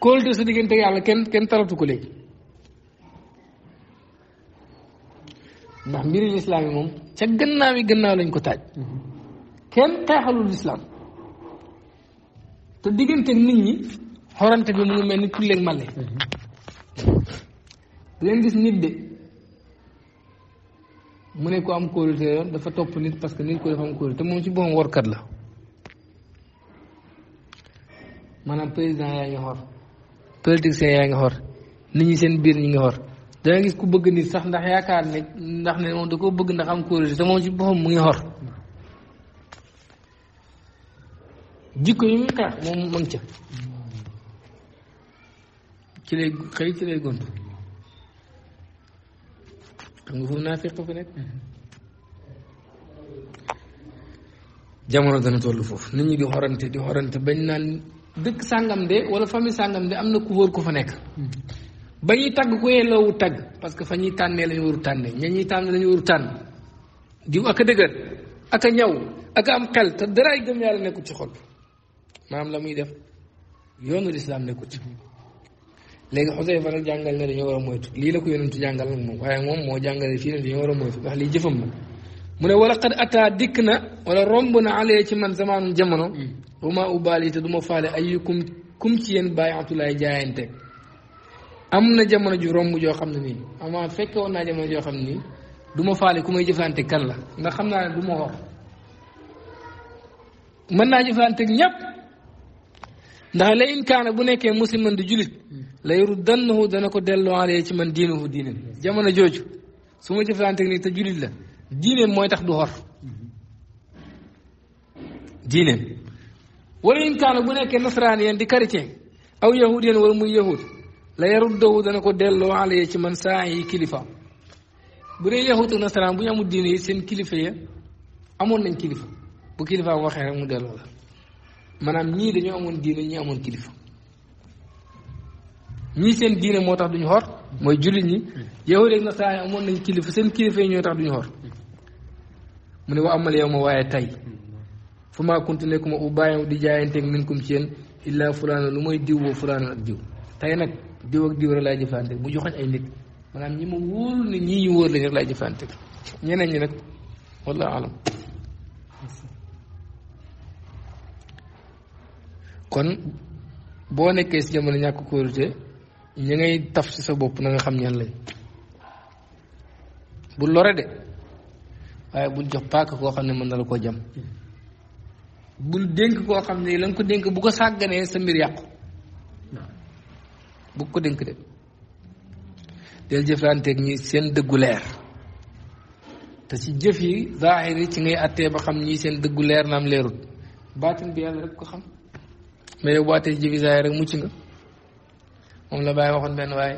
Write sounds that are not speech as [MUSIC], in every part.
kóolute sa diggante yàlla kenn kenn taratu ko léegi ndax mbiri lislaam yi moom ca gannaaw yi gannaaw lañ ko taaj kenn xeexalul lislaam te diggante nit ñi xorante bi mu mel ni tulleeg male di leen nit de mu ne ko am kóolute yoon dafa topp nit parce que nit ko dafa am kóolute moom ci boppam workat la maanaam président yaa ñu xor politiciens yaa ngi xor nit ñi seen biir ñi ngi xor danga gis ku bëgg nit sax ndax yaakaar ne ndax ne moom da bëgg ndax am kóolute te moom ci boppam mu ngi xor jikko yi muy xeex moom mu ca ci lay xëy ci lay gont xam jamono dana toll foofu nit ñi di xorante di xorante bañ naan dëkk sàngam de wala famille sàngam de am na ku wóor ku fa nekk ba ñuy tagg ku yelloowu tagg parce que fa ñuy tànnee la ñu waru tànnee ña ñuy tànn la ñu waru tànn diw ak a dëgër ak a ñaw ak a am xel te daraay gëm yàlla nekkul ci xol maanaam la muy def yoonu lislaam nekkul ci léegi xosee faral jàngal ne dañoo war a moytu lii la ko yonentu jàngal nag moom waaye moom moo jàngale fii ne dañoo war a moytu ndax lii jëfam la mu ne wala xad ataa dikk na wala romb na alee ci man zamaanu jamono wama ubaali te du ma faale ayyukum kum ci yéen bàyyi atulaay jaayante am na jamono ju romb joo xam ne nii ama fekke woon naa jamono joo xam ne nii du ma faale ku may jëflante kan la ndax xam naa ne du ma wax mën naa jëflante ñëpp ndax la in kaana bu nekkee musliman di julit la yuruddannahu dana ko delloo alee ci man diinuhu diine jamono jooju su ma jëflante nii te julit la diineem mooy tax du xor diineem wala in bu nekkee nasaraan yeen di chrétien aw yahud yeen wala muy yahud la yaruddahu dana ko delloo alayhi ci man saa yi kilifa bu dee yahud nasaraan bu ñu amul diine yi seen kilifa ya amoon nañ kilifa bu kilifa waxee rek mu delloo la maanaam ñii dañoo amoon diine ñii amoon kilifa ñii seen diine moo tax duñu xor mooy jullit ñi yahud ak nasaraan yi amoon nañ kilifa seen kilifa yi ñoo tax duñu xor mu ne wa amal yow ma waaye tay fu maa kunti nekkuma u bàyyi di jaayanteeg minkum ci yéen illaa fulaana lu mooy diw woo fulaana ak diw tay nag diw ak diw rek laay jëfante bu joxoñ ay nit maanaam ñi ma wóor ne ñii ñu wóor lañ rek laay jëfante ñeneen ñi nag wallaahu alam kon boo nekkee si jamono ñàkk kóolute ñi ngay taf si sa bopp na nga xam ñan lañ bu lore de waaye bul jox paaka koo xam ne mën na la koo jam bul dénk koo xam ne lañ ko dénk bu ko sàgganee sa mbir yàqu bu ko dénk de del jëflanteeg ñi seen dëggu leer te ci jëf yi zaahir yi ci ngay attee ba xam ñii seen dëggu leer naam leerut baatin bi yàlla rek ko xam mais yow bu attee ci jëfi zaahir rek mucc nga moom la bàyyi waxoon benn waaye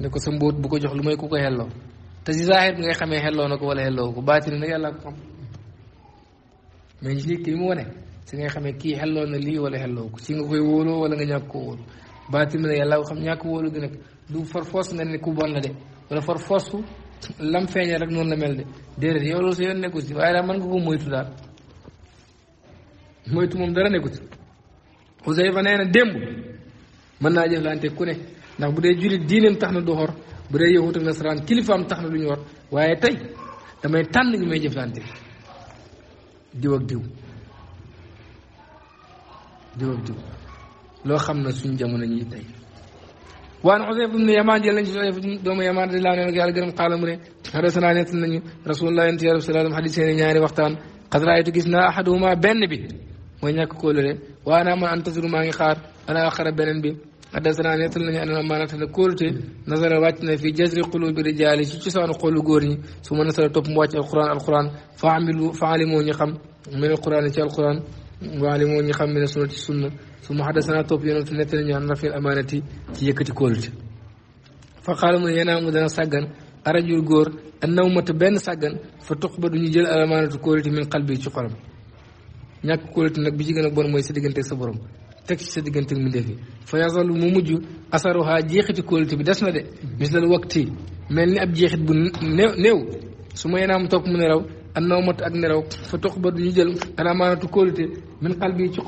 ne ko sa mbóot bu ko jox lu may ku ko yelloo te si zahir bi ngay xamee xelloo na ko wala xelloo ko baatin na yàlla ko xam mais ci nit mu wane si ngay xamee kii xelloo na lii wala xelloo ko si nga koy wóoloo wala nga ñàkk ko wóolu baatin na yàlla ko xam ñàkk wóolu gi nag du farfoos nga ne ku bon la de wala farfoos lam feeñee rek noonu la mel de déedéet yow loolu sa yoon nekkul si waaye daal mën nga ko moytu daal moytu moom dara nekkul si Xuzayfa nee na démb mën naa jëflante ku ne ndax bu dee jullit diineem tax na du bu dee yahut ak nasaraan kilifaam tax na lu ñu war waaye tey damay tànn ñu may jëflante diw ak diw diw diw loo xam na suñ jamono ñi tey waan Xuseyfa ibnu Yamaan jël nañ ci Xuseyfa doomu Yamaan di laa ne yàlla gërëm xaalam ne xadasanaa nett nañu rasulullah yonent yàlla salaam xadis seen ñaari waxtaan xad raaytu gis naa ahaduhuma benn bi mooy ñàkk kóolore waa naa man antasiru maa ngi xaar ala beneen bi xaddasana nettal nañu anel amaanata la kóolute nasara wàcc na fi jasri qulubi rijaali ci cosaanu xolu góor ñi su ma nasara topp mu wàcc alquran alquran fa amilu fa alimoo ñu xam min alquran ci alquran wa alimoo ñu xam min sunna ci su ma xaddasana topp yonentu nettal nañu an rafil amaanati ci yëkkati kóolute fa xaala mu ne yanaamu dana sàggan arajul góor an nawmata benn sàggan fa tuq ba duñu jël alamaanatu kóolute min xalbi ci xolam ñàkk kóolute nag bi ci gën a bon mooy si diggante sa borom تك سي ديغنتك مليفي فيظل ممجو اثرها جيختي كولتي بي دي مثل الوقت ملني اب جيخت بو نيو سوما ينام توك من راو النومات اك نراو فتخبر ني جيل انا مانات من قلبي تي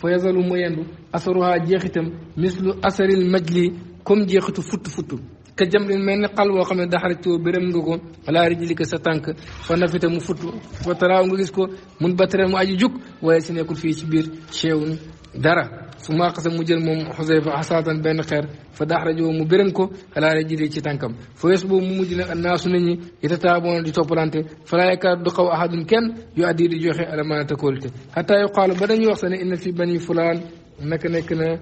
فيظل ميندو اثرها جيختم مثل اثر المجلي كم جيخت فوت فوت كجمل من قلب وخمن دحرتو برم غوكو فلا رجلك ستانك فنفته مو فوت وتراو من بتر مو اجي جوك في شبير شيون دارا فما قسم مجل مم حزيفة حساتا بين خير فدح رجو مبرن كو فلا رجل يجي تنكم فيسبو ممجل الناس نني يتتابون دي توبرانتي فلا يكاد دقو أحد كان يؤدي دي جوخي على ما تقولك حتى يقال بدن يوخسن إن في بني فلان نك نكنا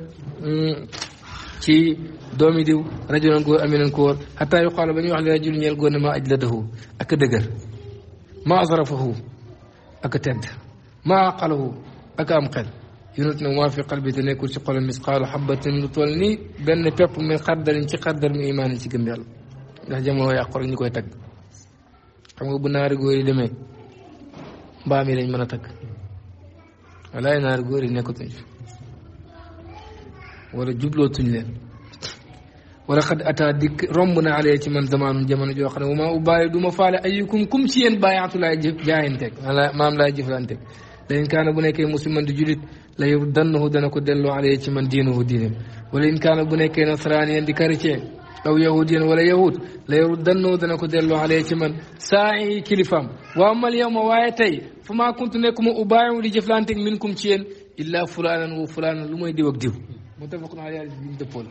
تي دومي ديو رجل نكو أمين نكور حتى يقال بني وحل رجل يلقو نما أجلده أكدقر ما أظرفه أكتد ما أقله أكامقل yonent ne maa fi qalbi te nekkul ci xolam misqaalu xabbatin lu toll nii benn pepp min xardalin ci xardal mi imaan ci gëm yàlla ndax jamono yàqu rek ñu koy tagg xam nga bu naari góor yi demee mbaam yi lañ mën a tagg walaay naari góor yi nekkatuñ fi wala jublootuñ leen wala xad ata dikk romb na alee ci man zamaanu jamono joo xam ne bu ma du ma faale ayukum kum ci yéen bàyyaatu laay jëf jaayanteeg maanaam laay jëflanteeg la in kaana bu nekkee musliman di julit la yu dannahu dana ko delloo alayhi ci man diinuhu diineem wala in kaana bu nekkee nasraaniyan di chrétien aw yahudiyan wala yahud la yu dannahu dana ko delloo alayhi ci man saa yi kilifaam wa amal yawma waaye tey fa maa kuntu nekkuma ubaayu di jëflanteeg minkum ci yéen illaa fulaanan wa fulaanan lu mooy diw ak diw muttafaqun alayhi bi mu dëppoo la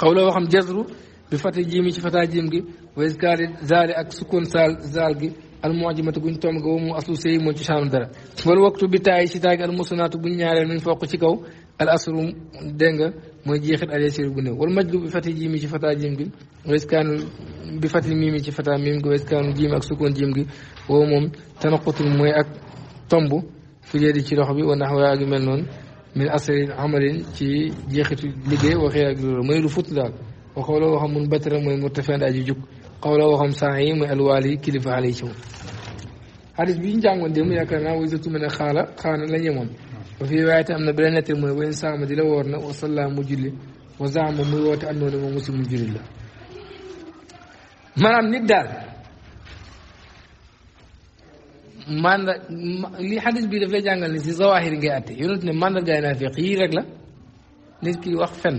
xawla waxam jazru bi fata jiimi ci fata jiim gi wa iskaari zaali ak sukkoon saal zaal gi almuajimatu guñ tomb ga mu aslu sëy moo ci saanu dara wala waxtu bi taay si taagi almusanaatu buñ ñaareel min fokk ci kaw al asru dégg mooy jeexit al bu néew wala majlu bi fati jiimi ci fata jiim gi weskaanu bi fati miimi ci ak sukkoon jiim moom tanaqutul mooy ak tomb fi yedi ci loxo bi wa naxwa ak yu mel noonu min asrin amalin ci jeexitu liggéey waxee ak loolu mooy lu fut daal wa xawla waxam mun batara mooy murtafeen aji jug xawla saa yi mooy alwaali kilifa xale moom xadis bi ñu jàngoon démb yaakaar naa wajatu mu ne xaala xaana la ñemoon ba fii waaye te na beneen nettali mu ne wayn saama di la woor na wa salla mu julli wa zaama woote andoo ne moom musi mu julli la maanaam nit daal manda li xadis bi daf lay jàngal ni si zawahir ngay yii rek la nit ki wax fen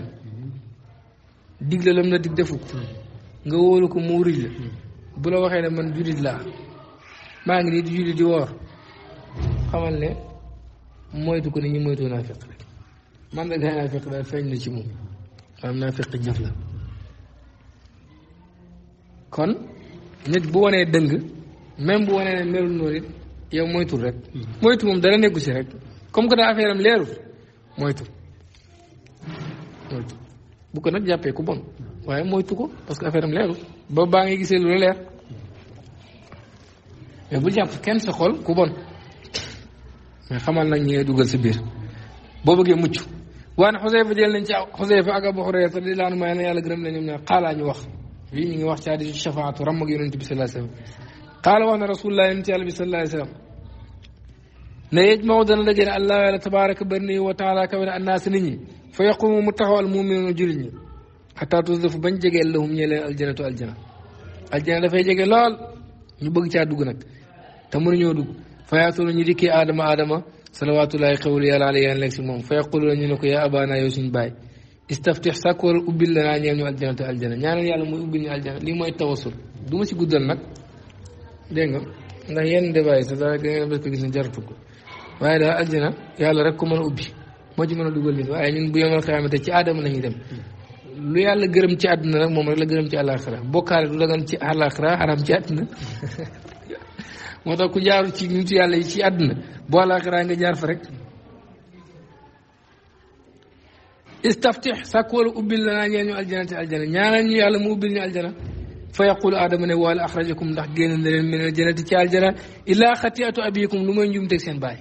dig la lam la dig defu nga wóolu ko mu wurij la bu la waxee ne man julit laa maa ngi nii di julli di woor xamal ne moytu ko ni ñu moytu naafiq rek man da na ci moom la kon nit bu wanee dëng même bu wanee ne melul noonu yow moytul rek moytu moom dana nekku si rek comme que daa affaire am leerul moytu moytu bu ko nag jàppee ku bon waaye moytu ko parce que affaire am ba baa ngi gisee lu la leer mais bul jàpp kenn sa xol ku bon mais xamal nañ ñee dugal si biir boo bëggee mucc waane xuseyfa jël nañ ci xuseyfa ak abu xurayra radiyallahu anhu may na yàlla gërëm na ñoom ñaar xaalaa ñu wax fii ñu ngi wax ci hadisu shafaatu ram ak yonente bi sallallahu alayhi wasallam qaala wax na rasulullah yonente yàlla bi sallallahu alayhi wasallam ne yejmaw dana dajale allah yàlla tabaraka barni wa taala kawe na annaas nit ñi fa yaqumu mu taxaw al muminuuna jullit ñi xataa tusdafu bañ jegee lahum ñee leen aljanatu aljana aljana dafay jege lool ñu bëgg caa dugg nag te mënuñoo dugg fa yaatuna ñu dikkee aadama aadama salawaatullaahi xewlu yàlla ala yaan lekk si moom fa yaqulu ñu ne ko yaa abana yow suñu baay istaftix sàkk wala ubbil la naa ñeel ñu aljana te aljana ñaanal yàlla muy ubbil ñu aljana lii mooy tawasul du ma si guddal nag dégg nga ndax yen débat yi sax da ngeen def ko gis yàlla rek ko mën ubbi moo ci mën a dugal nit waaye ñun bu yemal xiyaamate ci aadama la ñuy dem lu yàlla gërëm ci àdduna nag moom rek la gërëm ci àllaaxira bokkaale du dagan ci àllaaxira xaram ci [LAUGHS] moo tax ku jaaru ci nitu yàlla yi ci àdduna boo àllaaxiraa nga jaar fa rek istaftix sàkk wala ubbil lanaa ñee ñu aljana te aljana ñaanal ñu yàlla mu ubbil ñu aljana fa yaqulu aadama ne wala axrajakum ndax génn na leen min aljanati ci aljana illaa xatiatu abikum lu mooy njumteg seen baay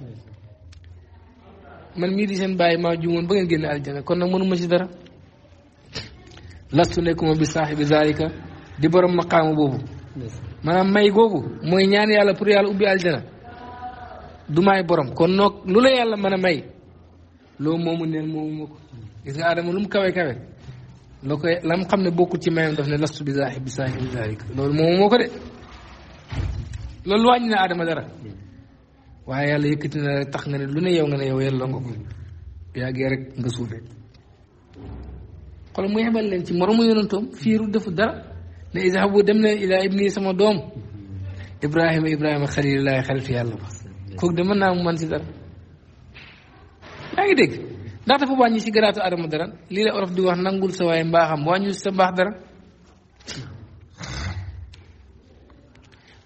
man mii di seen baay maa juumoon ba ngeen génn aljana kon nag mënuma ci dara lastu nekkuma bi saaxibi zalika di borom maqaama boobu maanaam may googu mooy ñaan yàlla pour yàlla ubbi aljana du may borom kon noog lu la yàlla man a may loolu moomu neen moomu ma ko gis nga aadama lu mu kawe kawe la xam ne bokkul ci mayam daf ne lastu bi loolu moomu moo ko de loolu wàññi na aadama dara waaye yàlla yëkkati rek tax nga ne lu ne yow nga ne yow yàlla nga ko yàggee rek nga suufee xool mu yebal leen ci moromu yonantoom fiiru defu dara ne izhabu dem leen ilaa ibni sama doom ibrahima ibrahima xalilullahi xaritu yàlla ba kooku de mën naa mu man si dara yaa ngi dégg ndax dafa wàññi si garaatu adama dara lii la olof di wax nangul sa waaye mbaaxam wàññi sa mbaax dara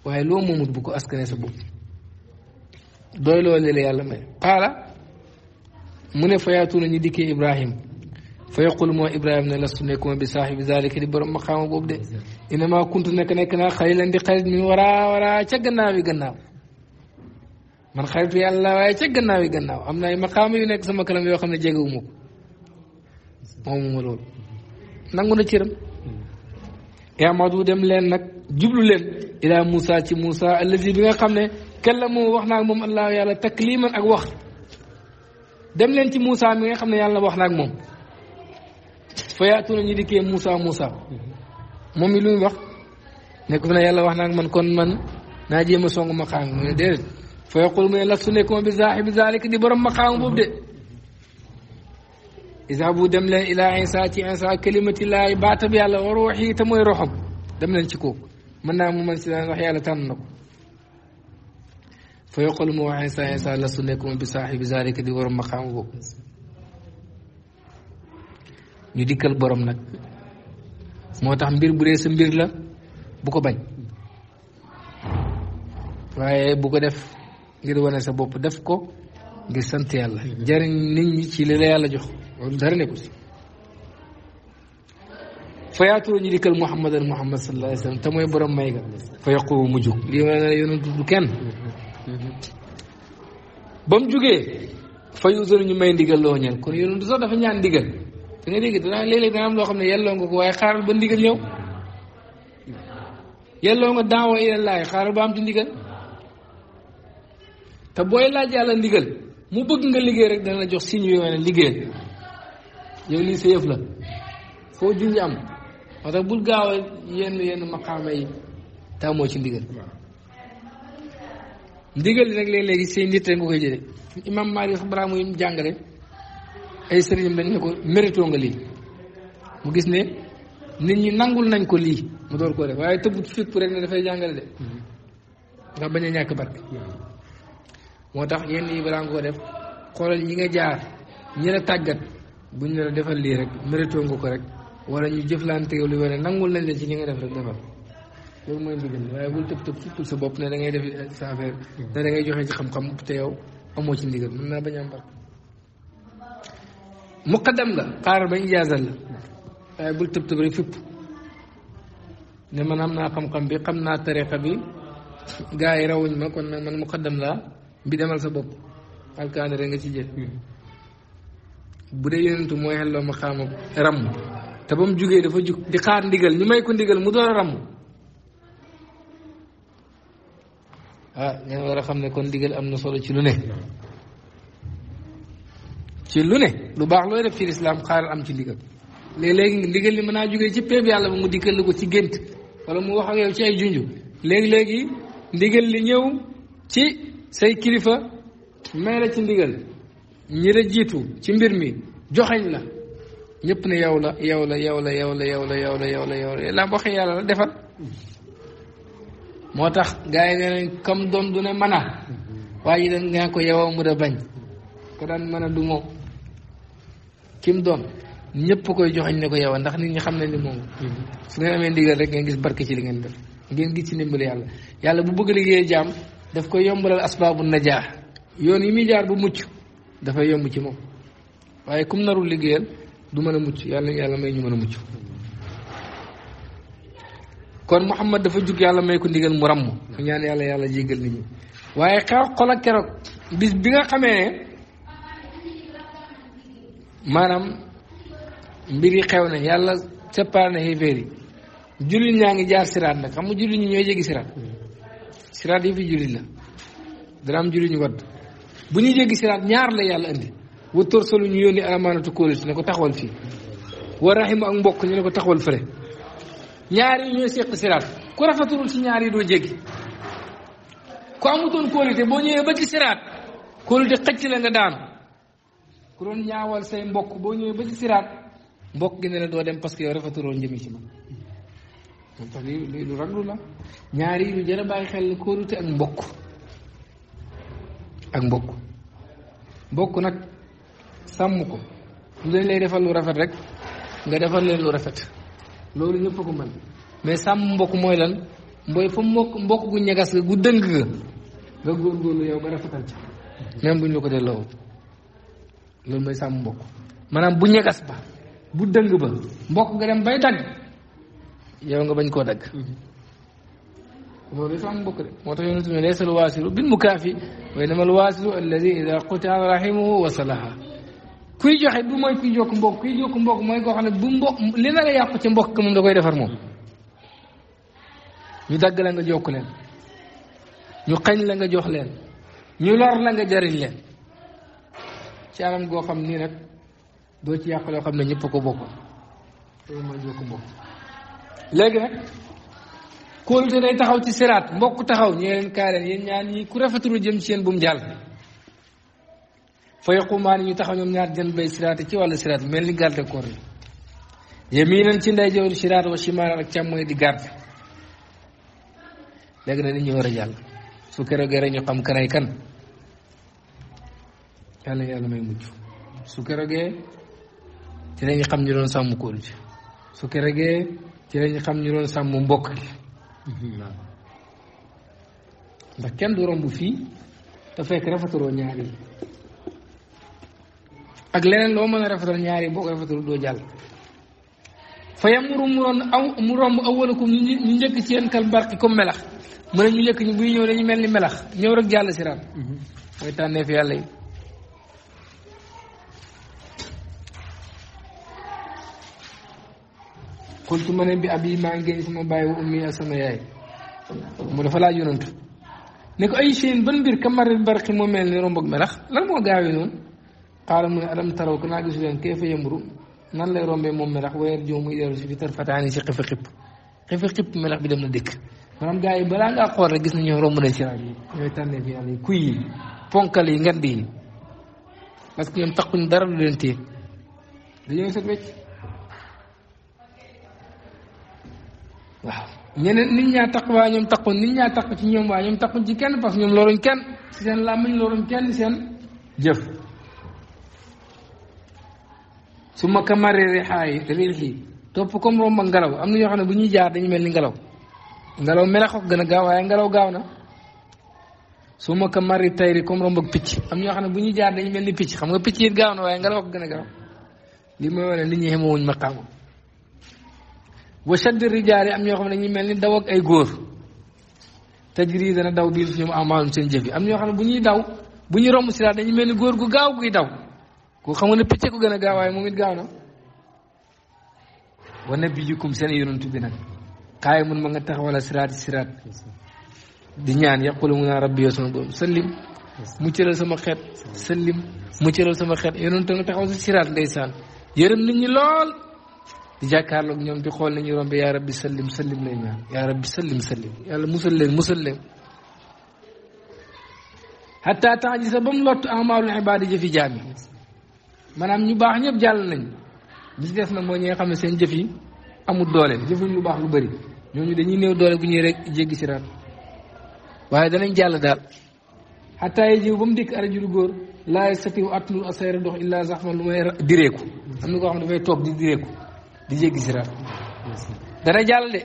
waaye loo moomut bu ko askane sa bopp doy loo lee yàlla may qaala mu ne fayaatu na ñu dikkee ibrahim fa yaqul moo Ibrahima ne lastu nekkuma bi saaxibi zalika di borom maqaama boobu de innama kuntu nekk nekk naa xalilan di xarit mi waraa waraa ca gannaaw yi gannaaw man xaritu yàlla waaye ca gannaaw yi gannaaw am na ay maqaama yu nekk sama kalam yoo xam ne jegewuma ko moomuma loolu nangu na cëram yaamadu dem leen nag jublu leen ilaa Moussa ci Moussa allazi bi nga xam ne kallamu wax naa ak moom allah yàlla takliman ak wax dem leen ci Moussa mi nga xam ne yàlla wax naa moom fayaatu na ñu dikkee Moussa Moussa moom mi lu muy wax nekk fi ne yàlla wax naa man kon man naa jéem a song maqaam mu ne déedéet fa yaqul mu ne lastu nekkuma bi saaxibi zalik di borom maqaamu boobu de isa bu dem leen ilaa insa ci insa kalimatillahi baatab yàlla wa ruuxi te mooy roxam dem leen ci kooku mën naa mu man si daan wax yàlla tànn na ko fa yaqul mu wax insa insa lastu nekkuma bi saaxibi zalik di borom maqaamu boobu ñu dikkal borom nag moo tax mbir bu dee sa mbir la bu ko bañ waaye bu ko def ngir wane sa bopp def ko ngir sant yàlla jariñ nit ñi ci li la yàlla jox loolu dara nekku si fa yaatuloo ñu dikkal muhammadan muhammad sallallahu alayhi wa sallam te mooy borom may ga fa yaqoo mu jóg lii wane na yonentu du kenn ba mu jógee fa yuusoon ñu may ndigal loo ñeen kon yonentu sax dafa ñaan ndigal da nga dégg am loo xam ne yelloo nga ko waaye xaaral ba ndigal ñëw yelloo nga daawa ilallaay xaaral ba am ci ndigal te booy laaj yàlla ndigal mu bëgg nga liggéey rek dana la jox signe yooyu ne liggéeyal yow lii sa yëf la foo junj am moo tax bul gaaw a yenn yenn maqaama yi tàmmoo ci ndigal ndigal li nag léeg-léegi say nit rek nga koy jëlee imam Maalik wax balaa jàngale ay sëriñam dañ ko mérito nga lii mu gis ne nit ñi nangul nañ ko lii mu door koo def waaye tëbb fépp rek dafay jàngale de bañ a ñàkk barke tax yenn yi balaa def xoolal ñi nga jaar ñi la tàggat buñ ne defal lii rek mérito ko rek wala ñu jëflante yow li wane nangul nañ la ci li nga def rek defal loolu mooy mbir mi tëb tëb sa bopp ne da ngay def sa affaire ne da joxe ci xam-xam te yow amoo ci ndigal mën naa bañ a am barke muqaddam la xaaral ba ijaazal la waaye bul tëb tëb rek fipp ne man am naa xam-xam bi xam naa tariqa bi gaa yi rawuñ ma kon nag man muqaddam laa mbi demal sa bopp alkaani rek nga ci jël hmm. bu dee yonentu mooy xelloo ma xaama ramm te ba mu jógee dafa jug di xaar ndigal ñu may ko ndigal mu door a ramm ah ngeen war a xam ne kon ndigal am na solo ci lu ne ci lu ne lu baax looy def ci lislaam xaaral am ci ndigal léeg-léegi ndigal li mën naa jógee ci péeb yàlla ba mu dikkal la ko ci gént wala mu wax ak yow ci ay junj léegi-léegi ndigal li ñëw ci say kilifa may la ci ndigal ñi jiitu ci mbir mi joxeñ la ñépp ne yow la yow la yow la yow la yow la yow la yow la yow la la waxee yàlla la defal moo tax gars yi nee nañ comme doom du ne mën a waaye ji dañ nga ko yow mu da bañ ko daan mën a du moom kim doon ñëpp koy joxañ ne ko yow ndax nit ñi xam ne li moom su ngeen amee ndigal rek ngeen gis barke ci li ngeen def ngeen gis ci ndimbali yàlla yàlla bu bëgg liggéey jaam daf koy yombalal asbaabu najaa yoon yi muy jaar bu mucc dafay yomb ci moom waaye kum narul liggéeyal du mën a mucc yàlla yàlla may ñu mën a mucc kon Muhammad dafa jug yàlla may ko ndigal mu ràmm mu ñaan yàlla yàlla jéggal nit ñi waaye xaw xol ak bis bi nga xamee ne maanaam mbir yi xew na yàlla séparé na xéeféer jullit ñaa ngi jaar siraat nag xam nga jullit ñi ñooy jéggi siraat siraat yi fi jullit la dana am jullit ñu wadd bu ñuy jéggi siraat ñaar la yàlla indi wa torsalu ñu yónni alamaanatu kóoliti ne ko taxawal fii wa raximu ak mbokk ñu ne ko taxawal fële ñaar yi ñooy séq siraat ku rafetul ci ñaar yi doo jéggi ku amutoon kóolite boo ñëwee ba ci siraat kóolite xëcc la nga daanu ku doon ñaawal say mbokk boo ñëwee ba ci siraat mbokk gi ne la doo dem parce que yow rafetuloo njëmi ci man loolu tax lu raglu la ñaari lu jar a bàyyi xel la kóolute ak mbokk ak mbokk mbokk nag sàmm ko lu dañ lay defal lu rafet rek nga defal leen lu rafet loolu ñëpp ko mën mais sàmm mbokk mooy lan mbooy fa mbokk mbokk gu ñegas ga gu dëng ga nga góorgóorlu yow ba rafetal ci même buñ la ko delloo loolu mooy sàmm mbokk maanaam bu ñegas ba bu dëng ba mbokk ga dem bay dagg yow nga bañ koo dagg loolu dafa am mbokk de moo tax yonent bi laysa al waasilu bil mukaafi wa innama al waasilu alladi kuy joxe du mooy kuy jokk mbokk kuy jokk xam ne bu mbokk ci mbokk moom da koy defar moom dagg la nga jokk leen ñu xañ la nga jox leen ñu lor la nga jëriñ leen ci anam goo xam nii nag doo ci yàq loo xam ne ñëpp ko bokk loolu mooy léegi nag kóolute day taxaw ci seraat mbokk taxaw ñee leen kaa leen yéen ñaar ñii ku rafetulu jëm ci yéen bu mu jàll fa yaqumaani ñu taxaw ñoom ñaar jën bay siraat ci wàllu siraat mel ni garde koor yi yaminan ci ndeyjooru siraat wa shimaalan ak càmmooñ di garde léegi nag nit ñi war a jàll su keroogee rek ñu xam kanay kan yàlla yàlla may mucc su keroogee ci lañu xam ñu doon sàmm kóol ji su keroogee ci lañu xam ñu doon sàmm mbokk gi ndax kenn du romb fii te fekk rafetaloo ñaar yi ak leneen loo mën a rafetal ñaar yi boo ko doo jàll fa yamuru mu ron aw mu romb awalakum ñu ci kal melax mu ne ñu buy ñëw dañu mel ni melax ñëw rek jàll si ram mhm. mooy tànneef yàlla yi kultu ne bi ab yi maa ngi génn sama bàyyi wa ummi ak sama yaay mu dafa laa yonantu ne ko ay seen ban mbir kamaril barqi moo mel ni romboog melax lan moo gaawee noonu xaaral mu ne alam taraw ko naa gisu leen kay fa yëmbru nan lay moom melax weer joo muy dellu si fi tar fataani si xipp xifa xipp melax bi dem na dëkk maanaam gars yi balaa ngaa xool rek gis na ñoo romb nañ si rajo yi ñooy tànnee fi yàlla yi kuy yi ponkal yi ngand yi parce que ñoom takkuñ dara lu leen téye waaw ñeneen nit ñaa taq waa ñoom taqoon nit ñaa taq ci ñoom waa ñoom taquñ ci kenn parce que ñoom loruñ kenn si seen làmmiñ loruñ kenn seen jëf su ma kamaree xaayi réer yi topp comme romb am na ñoo xam ne bu ñuy jaar dañu mel ni ngelaw ngelaw melax gën a gaaw ngelaw gaaw na su ma kamaree comme romb ak picc am ñoo xam ne bu ñuy jaar dañu mel ni picc xam nga picc it gaaw na waaye ngelaw ko gën a gaaw li mooy wane nit ñi ma maqaama wa shadd rijaal yi am ñoo xam ne dañuy mel ni daw ak ay góor tajri dana daw bii ñoom amaalum seen jëf yi am ñoo xam ne bu ñuy daw bu ñu romb si dañu mel ni góor gu gaaw guy daw koo xam nga ne picc ko gën a gaaw waaye moom it gaaw na wa nabiyukum seen yonantu bi nag kaay mun ma nga tax taxawala siraat siraat di ñaan yaqulu mu naa rabbi yow sama borom sallim mu cëral sama xeet sallim mu cëral sama xeet yonantu nga taxaw si siraat ndeysaan yërëm nit ñi lool di jàkkaarloog ñoom di xool nañu rombe yaa rabbi sallim sallim lay ñaan yaa rabbi sallim sallim yàlla musal leen musal leen xataa temps ji sax ba mu lottu amaalul ibaada jëfi jaam yi maanaam ñu baax ñëpp jàll nañ li ci des nag mooy ñi nga xam ne seen jëf yi amul doole jëfuñ lu baax lu bëri ñooñu dañuy néew doole bu ñuy rek jéggi si raat waaye danañ jàll daal xataa yi jiw ba mu dikk arajulu góor laa at atnul asayra dox illaa zaxman lu may direeku am na koo xam ne dafay toog di jéggi siraat dana jàll de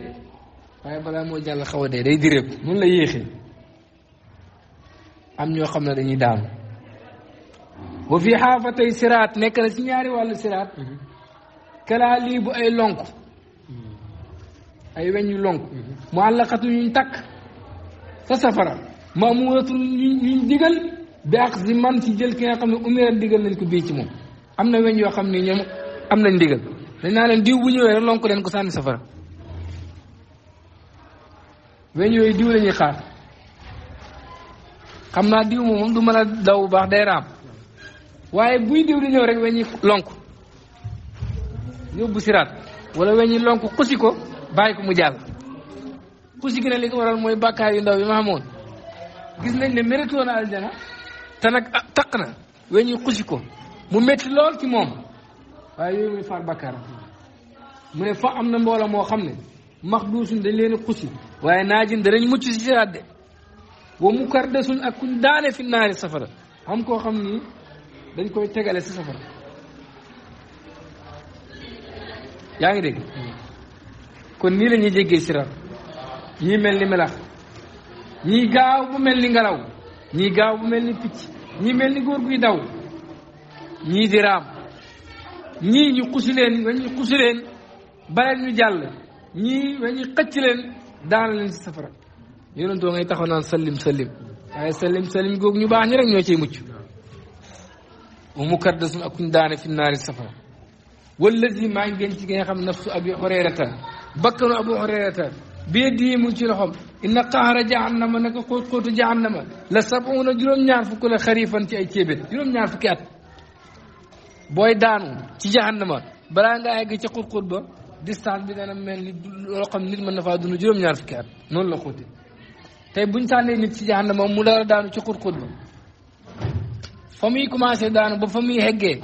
waaye balaa moo jàll xaw a dee day diréb mun la yéexil am ñoo xam ne dañuy daanu wa fi xaafatay siraat nekk na si ñaari wàllu siraat kalaa lii bu ay lonk ay weñ yu lonk mu àllaqatu yuñ takk sa safara maamuratu yuñ digal bi ak si man si jël ki nga xam ne umiral digal nañ ko bii ci moom am na weñ yoo xam ne ñoom am nañ digal dañ naa leen diw bu ñëwee rek lonk leen ko sànni safara weñ yooyu diw la ñuy xaar xam naa diw moom du mën a daw bu baax day raam waaye buy diw di ñëw rek weñ yi lonk yóbbu siraat wala weñ yi lonk xusi ko bàyyi ko mu jàll xusi gi ne li ko mooy bàkkaar yu ndaw yi gis nañ ne méritoon te nag ah, na weñ yi ko mu metti lool ci moom waaye yooyu mooy far bakkaar mu ne fa am na mbooloo moo xam ne max duusuñ dañ leen xusi waaye naajin danañ mucc si siraat de wa mu kar desuñ ak kuñ daane fi naari safara am koo xam ni dañ koy tegale si safara yaa ngi dégg kon nii lañuy ñuy jéggee siraat ñii mel ni melax ñii gaaw bu mel ni ngelaw ñii gaaw bu mel ni picc ñii mel ni góor guy daw ñii di raam ñii ñu xusi leen weñ ñu xusi leen bala ñu jàll ñii weñ ñu xëcc leen daana leen si safara yonentoo ngay taxaw naan sallim sallim waaye sallim sallim googu ñu baax ñi rek ñoo cay mucc umu kardasun ak kuñ daane fi naari safara wallazi maa ngi gën ci nga xam nafsu abi xureerata bakkanu abu xureerata bee dii mu ci loxom inna qaxara jahannama naka xóot xóotu jahannama la sabuuna juróom-ñaar fukk la xarifan ci ay ceebét juróom-ñaar fukki at booy daanu ci jahannama balaa nga egg ci xurxur ba distance bi dana mel ni loo xam nit mën na faa dund juróom-ñaar fukki at noonu la xóote tey buñ ni nit ci jahannama mu dara daanu ci xurxur ba fom yi commencé daanu ba fa muy heggee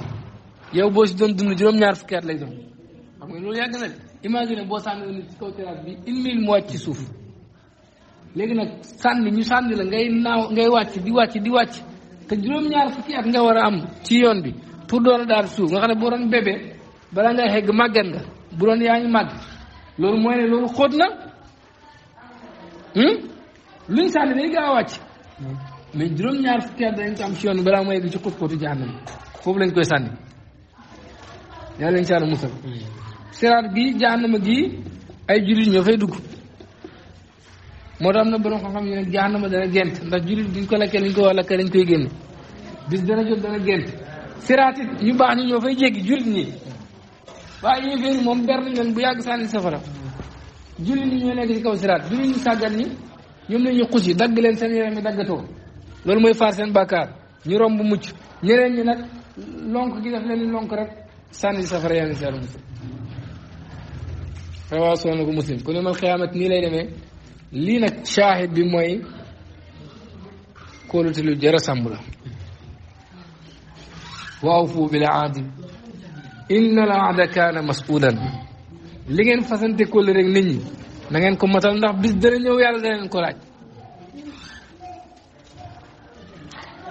yow boo si doon dund juróom-ñaar fukki at lay doon xam nga loolu yàgg na imagine boo sànni nit ci kaw terrasse bi une mille mu wàcc ci suuf léegi nag sànni ñu sànni la ngay naaw ngay wàcc di wàcc di wàcc te juróom-ñaar nga war a am ci yoon bi pour door a daal suuf nga xam ne boo doon bébé balaa ngay xegg màggat nga bu doon yaa ngi màgg loolu mooy ne loolu xóot na hmm? luñ sànni day gaaw a wàcc mais juróom-ñaar fukki dañ ko am si yoon balaa may egg ci xóot-xóotu jahannam foofu lañ koy sànni yàlla lañ sànni musal siraat gi jahannama gi ay jullit ñoo fay dugg moo tax am na borom xam-xam yi ne jahannama dana gént ndax jullit duñ ko lakkee liñ ko war a lakkee dañ koy génn bis dana jot dana gént siraati yu baax ñi ñoo fay jéggi jullit ñi waaye ñuy féeri moom berne leen bu yàgg sànni safara jullit ñi ñoo nekk ci kaw siraat jullit ñi sàggan ñi ñoom la xus yi dagg leen seen yaram yi daggatoo loolu mooy faar seen bàkkaar ñu romb mucc ñeneen ñi nag lonk gi daf leen lonk rek sànni safara yàlla si yàlla musal rawaa soona ko muslim kon yomal xiyaamat nii lay demee lii nag shaahid bi mooy kóolute lu jar a sàmm la waaw awfu bil ahdi inna al ahda kaana masulan li ngeen fasante kóllëre rek nit ñi na ngeen ko matal ndax bis dana ñëw yàlla dana leen ko laaj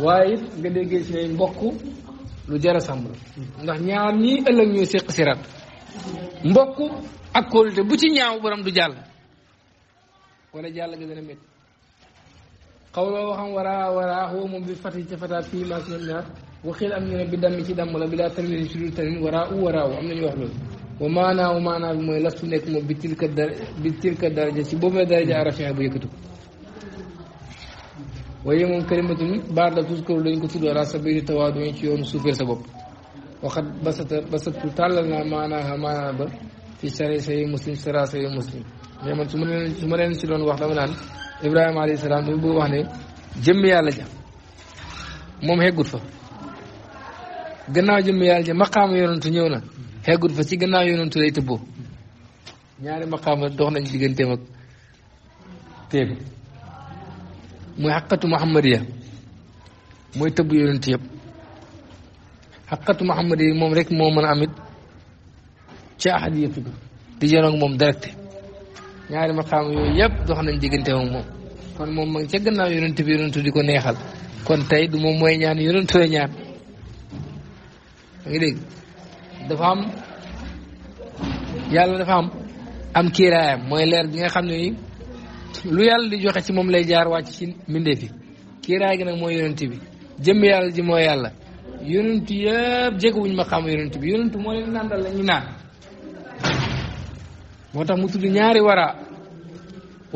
waaye it nga déggee si ne mbokk lu jar a ndax ñaar ñii ëllëg ñuy séq siraat mbokk ak kóolute bu ci ñaaw borom du jàll wala jàll ga dana métti xaw loo waxam waraa waraa xaw moom bi fati ca fataat fii maag ñoom ñaar waxiil am ñu ne bi damm ci damm la bi laa tanwin ci dul tanwin waraa u waraa u am nañu wax loolu wa maanaa wa maanaa bi mooy lastu nekk moom bi tilka dar bi tilka daraja ci boobu la daraja arafin bu yëkkatu waaye moom kalimatun baar la tuskuru dañ ko tudd ala sabili tawaadu ci yoonu suufee sa bopp waxat basata basatu tàllal naa maanaa maanaa ba fi sari say muslim sara say muslim mais man su ma leen su ma leen si doon wax dama naan Ibrahima alayhi salaam dama bëgg wax ne jëmm yàlla ja moom heggut fa gannaaw jëmm yàlla ji maqaama yonantu ñëw na xeggul fa ci gannaaw yonantu lay tëbboo ñaari maqaama dox nañ digganteem ak téeg muy xaqatu muhammadiya mooy tëbb yonantu yëpp xaqatu muhammadiya moom rek moo mën a amit ci ahadiyatu ko moom direct ñaari maqaama yooyu yëpp dox nañ digganteem ak moom kon moom ma ngi ca gannaaw yonantu bi yonantu di ko neexal kon tey du moom mooy ñaan yonantu la ñaan ngi dégg dafa am yàlla dafa am am kiiraayam mooy leer gi nga xam ne ni lu yàlla di joxe ci moom lay jaar wàcc ci mbindeef yi kiiraay gi nag mooy yonent bi jëmm yàlla ji mooy yàlla yonent yëpp jegewuñ ma xam yonent bi yonent moo leen nàndal la ñu naan moo tax mu tudd ñaari waraa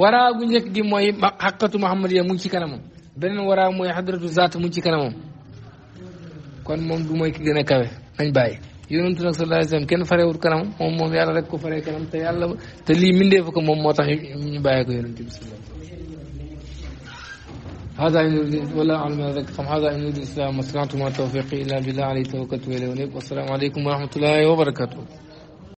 waraa gu njëkk gi mooy xaqatu muhammadiya mu ci kanamam beneen waraa mooy xadratu zaat mu ngi ci kanamam kon moom du mooy ki gën a kawe nañ bàyyi yonent nag sallallahu alayhi wasallam kenn farewul kanam moom moom yàlla rek ko faree kanam te yàlla te lii mindee fa ko moom moo tax ñu bàyyi ko yonent bi sallallahu alayhi wasallam wala alma rek xam hada in uridil islam mastata'tu ma tawfiqi illa billah alayhi tawakkaltu wa ilayhi unib wa assalamu alaykum wa rahmatullahi wa barakatuh